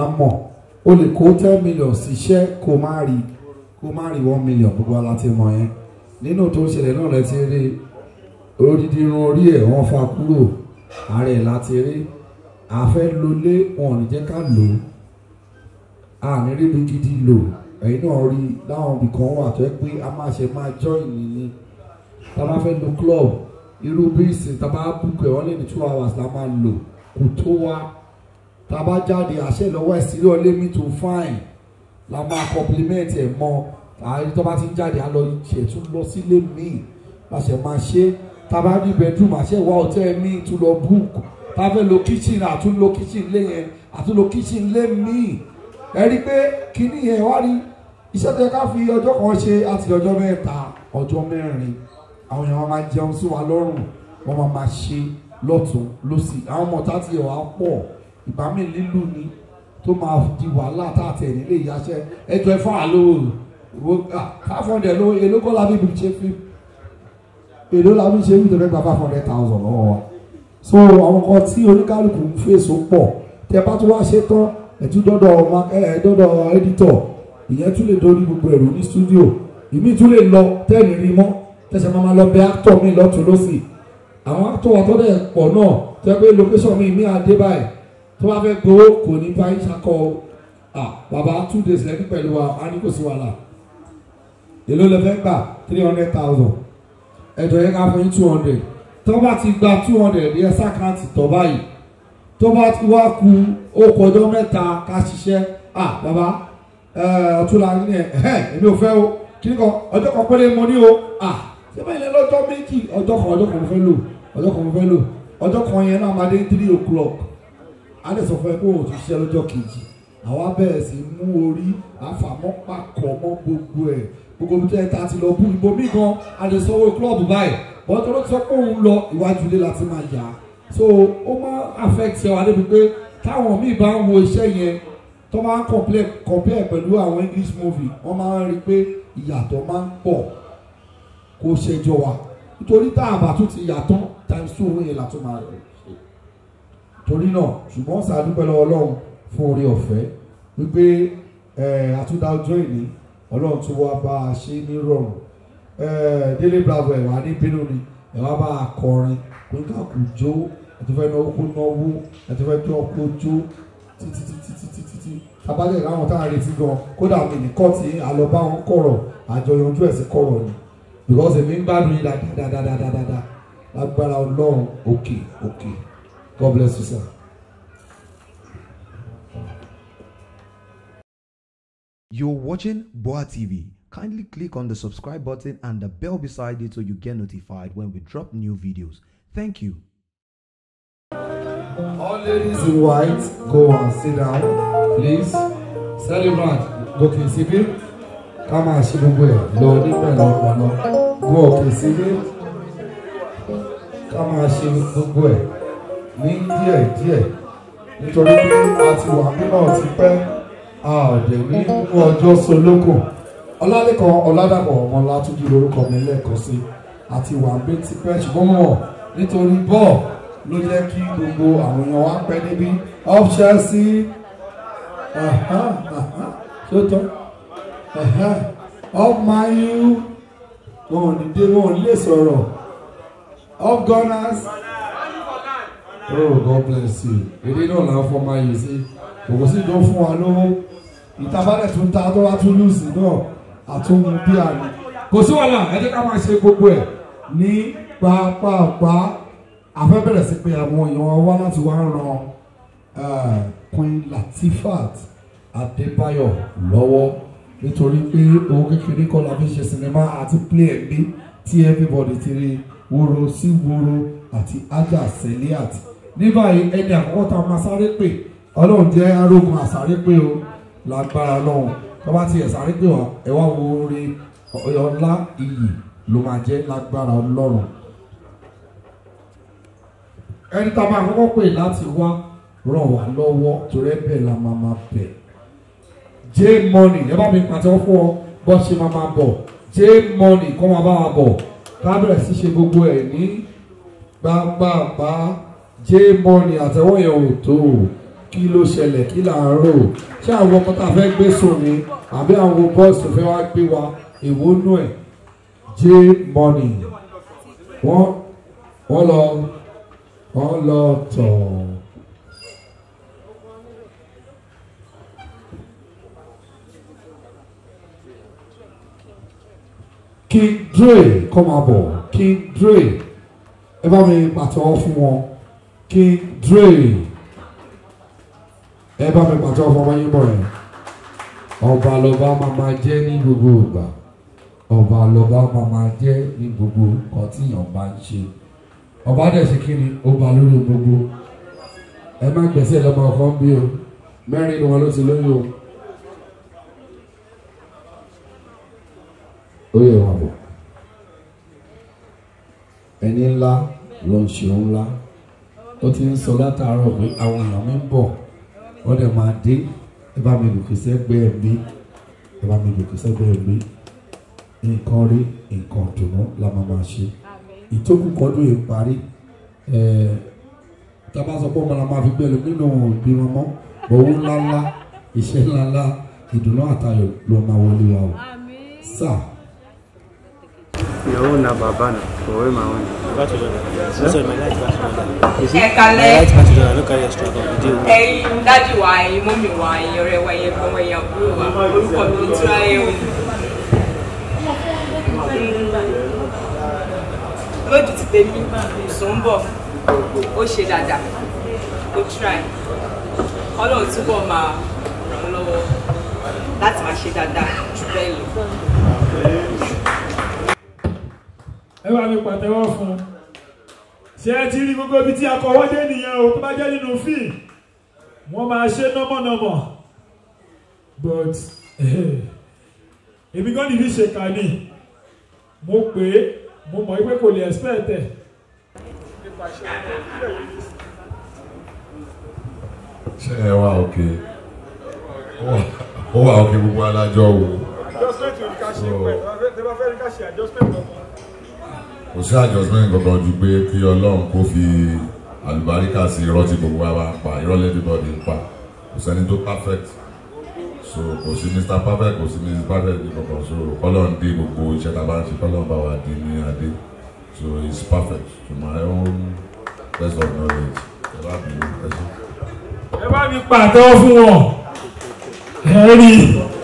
máa mọ̀ o lè kó ten million síṣẹ́ kó má rí kó má rí one million gbogbo ala ti mọ̀ yẹn nínú tó ṣẹlẹ̀ náà lẹ ti rí odidi irun orí ẹ̀ wọ́n fa kúrò ààrẹ láti rí àfẹ́ lólé wọn ò ní jẹ́ ká lò ó àní rí ibi gidi lò ẹ̀yin náà rí láwọn ibì kan wà tó yẹ pé a máa ṣe máa join ní tá fẹ́ lo club irú bí ìsìn tá a bá búkọ̀ ẹ̀ wọ́n lè ní two hours la máa lò kò tó wá tá a bá jáde àṣẹ ìlọ́wọ́ exterior lé mi tó fine la máa compliment ẹ̀ mọ́ àárín tó bá ti ń jáde á lọ ṣètún lọ sílé míì láṣẹ máa ṣe tá a bá ní bedroom àṣẹ ìwà hotel míì tún lọ book tá a fẹ́ lo kitchen àtúnlo kitchen lé yẹn àtúnlo kitchen lé míì ẹ rí i pé kíní yẹn wá rí iṣẹ́ tó yẹ ká fi ọjọ́ kan ṣe àti ọjọ́ mẹ́ta ọjọ́ mẹ́rin àwọn èèyàn máa jẹun sí wa lọ́rùn wọ́n máa ṣe lọ́tún lọ́sì àwọn ọmọ tá ti yẹ wá pọ̀ ìbámi lílù ni tó máa di wàhálà tààtẹ̀ nílé ìyáṣẹ́ ẹjọ́ ẹ̀fọ́ àlóòrò ìwọ five ló èló la fi bìí ṣe fi èló la fi ṣe fi tẹ̀lé gba five hundred lọ́wọ́ wa so àwọn kan tí oníkálukú ń fèsò pọ̀ tẹ bá tó wá ṣe tán ẹ̀tú dọ́dọ̀ dọ́dọ̀ editor ìyẹn tún lè dorí gbogbo ẹ̀rù ní studio ìmí tún lè lọ tẹ́ẹ̀nì rí mọ́ tẹ̀sẹ̀ máa lọ bẹ actor mi lọ́tún lọ́sì àwọn actor àtọ́dẹ̀ pọ̀ náà tẹ́ pé location mi mi àdébáyé tó bá fẹ́ gbowó kò ní bá yín ṣakọ à bàbá two days lẹ́nu pẹ̀lú wa a ní kò sí wàhálà èló lè fẹ́ gbà three hundred thousand ẹ̀jọ̀ yẹn ká fún yín two hundred tó bá ti gba two hundred yẹn sàkáǹtì tọ́ báyìí tó bá wá ku ó kọjọ́ mẹ́ta ká ṣiṣẹ́ à bàbá ọ̀túnla ní ẹ̀ ẹ̀ èmi ò fẹ́ o kí ni kan ọjọ́ kan péré mo ní o à ṣé báyìí lọ́jọ́ méjì ọjọ́ kan ọjọ́ kan mo fẹ́ lò ọjọ́ kan mo fẹ́ lò ọjọ́ kan yẹn náà máa dé three o'clock a lè sọ fún ẹ pé òun ti ṣiṣẹ́ lọ́jọ́ kejì àwa bẹ̀rẹ̀ sí mú orí àfàmọ́ pàkọ́ mọ́ gbogbo ẹ̀ gbogbo ibi tó ẹ ta ti lọ bú ibo mí gan a lè sọ owó kílọ̀bù báyìí bọ́n tó ló sọ pé òun lọ ìwájú ilé la ti máa yà á so ó máa affect ẹ wà débi pé táwọn míì bá ń wo iṣẹ́ yẹn tó máa ń compare pẹ̀lú àwọn English movie wọ́n máa ń rí i pé ìyàtọ̀ máa ń pọ̀ kó ṣẹjọ wa nítorí tá a bá tún ti yàtọ̀ times two òun yẹn la tún máa rẹ̀ torí náà ṣùgbọ́n ṣàdúpẹ́ lọ́wọ́ ọlọ́run fún oore ọ̀fẹ́ wípé àtúndà ọjọ́ ìní ọlọ́run tó wá bá a ṣe ní rọrùn délé bravo ẹ̀wà ní bínú ni ẹ̀wà bá a kọrin kóńtàkù jó ẹ̀tọ́fẹ́ náà kó náwó ẹ̀tọ́fẹ́ tó ọkọ̀ jó títítítítítítí tabalẹ̀ láwọn tá a retí gan kódà mi ní kọ́ọ̀tì àlọ́bá wọn kọ̀rọ̀ àjọyọ̀njú ẹ̀sìn kọ̀rọ̀ ni because èmi ń gbádùn yín dáadáa dáadáa dáadáa lágbára ọlọ́run òkè òkè. God bless you, sir. You're watching Boa TV. Kindly click on the subscribe button and the bell beside it so you get notified when we drop new videos. Thank you. All ladies in white, go and sit down, please. Celebrant, gòkè síbí, ká máa ṣe gbogbo ẹ̀ lọ nípẹ̀lú ọ̀pọ̀lọ. Gòkè civil, come on, ṣe gbogbo ẹ̀. ní díẹ̀ díẹ̀ nítorí pé a ti wà nínú ọtí pẹ́ a ò dẹ̀ ní inú ọjọ́ solóko ọlálẹ́kan ọ̀làdàpọ̀ ọmọ látúndí lórúkọ mi lẹ́ẹ̀kan sí àti wà ń gbé tipẹ́ ṣùgbọ́n mọ̀ nítorí bọ́ọ̀ ló jẹ́ kí gbogbo àwọn èèyàn wa pẹ́ níbí of Chelsea tó tọ́ of Man U wọn ò ní dé wọn ò ní lè sọ̀rọ̀ of Gunners oh God bless you èdè náà là ń fọmọ yìí sí òkò sì tó fún wa lówó ìtabalẹ̀ tún ta tó wá tún lùsì náà àtúnmú bí àná kò sí wàhálà ẹ jẹ́ ká máa ṣe gbogbo ẹ̀ ní pápápá afẹ́bẹ̀rẹ̀ sí pé àwọn èèyàn wá láti wá ran Queen Latifat Adébáyọ̀ lọ́wọ́ nítorí pé owó kékeré kọ́ la fi ṣe sinimá àti play ẹ̀ gbé tí everybody ti rí woro sí woro àti ájà sẹ́lẹ̀ ní báyìí ẹni àkọ́kọ́ tá a máa sáré pè ọlọ́run jẹ́ arógun àsáré pé o lágbára lọ́hùn tó bá ti ẹ̀ sáré pé ẹ wá wo orin ọlá iyì ló máa jẹ́ lágbára ọlọ́run ẹni tá a máa kọ́kọ́ pè láti wá ràn wá lọ́wọ́ torí ẹ la máa máa bẹ̀ J Money ẹ bá mi pàtẹ́wọ́ fún ọ bọ́ ṣe máa máa bọ̀ J Money kọ́ máa bá wa bọ̀ ká bẹ̀rẹ̀ sí ṣe gbogbo ẹ̀ ní gbàgbàgbà jẹ́ mọ́ni àtẹ̀wọ́ yẹn ò tó o kí ló ṣẹlẹ̀ kí là ń rò ṣé àwọn ọkọ tá a fẹ́ gbé sùn ni àbí àwọn bọ́ọ̀sì fẹ́ wá gbé wa èwo nú ẹ̀ jẹ́ mọ́ni wọ́n wọ́n lọ wọ́n lọ tọ̀. King Dre kọ́ máa bọ̀ King Dre ẹ bá mi pàtẹ́wọ́ fún wọn. King Dre ẹ bá mi pàtó ọmọ ọmọ yín bọ̀ yẹn ọba lọba máa máa jẹ́ ní gbogbo ìgbà ọba lọba máa máa jẹ́ ní gbogbo nǹkan tí èèyàn bá ń ṣe ọba dẹ̀ ṣe kí ni ọba lórí gbogbo ẹ má gbèsè lọ́mọ ọkọ ń bí o mẹ́rin ni wọn ló ti lóyún o. ó yẹ wà bọ̀ ẹni ńlá ló ń ṣe òun ńlá ó ti ń sọ látàárọ̀ pé àwọn èèyàn mi ń bọ̀ wọ́n dẹ̀ máa dé ẹ bá mi lòkè sẹ́gbẹ́ mi ẹ bá mi lòkè sẹ́gbẹ́ mi nǹkan rí nǹkan dùnú la máa máa ṣe ìtókù kọdún yìí parí tábà sọ pé ọmọ máa fi gbẹlú nínú òbí wọn owó ńláńlá iṣẹ́ ńláńlá ìdùnnú àtayọ̀ ló máa wọlé wa o sáà. Your own na baba na for where my own. Ẹ̀kalẹ̀ ẹ̀yin dájú wa ẹ̀yin mọ́mí wa ẹ̀yin ọ̀rẹ́ wa ẹ̀yin ẹ̀gbọ́n wa ẹ̀yin àbúrò wa orúkọ mi ní Tura Ẹ̀wọ̀n. Lójú ti tèmi, ìsò ń bọ̀, ó ṣe dáadáa, ó try. Ọlọ́run túbọ̀ máa ràn án lọ́wọ́ láti máa ṣe dáadáa jù bẹ́ẹ̀ lọ. ẹ bá mi pàtẹ́wọ́ fún un ṣé ẹ ti rí gbogbo ibi tí akọwọ́dé nìyẹn o tó bá jẹ́ nínú fíìmù wọ́n máa ṣe nọ́mọ̀nọ́mọ̀ but eh, èmi gan nìbí ṣe kà ní mo pè é mo mọ̀ pé kò lè expect ẹ̀. ṣé ẹ wá òkè ó wà òkè gbogbo alájọ wo kò sí àjọsìn kankan ju pé kí ọlọ́run kó fi àlùbáríkà sí irọ́ gbogbo wa pa irọ́ everybody ń pa kò sẹ́ni tó perfect so kò sí mr perfect kò sí mrs perfect ní kankan so kọ́lọ́n dé gbogbo iṣẹ́ tá a bá ń ṣe kọ́lọ́n bá wa dé ní adé so he is perfect to my own best of knowledge ẹ bá mi ẹ ṣe. ẹ bá mi pàtẹ́wọ́ fún wọn ẹ rí i.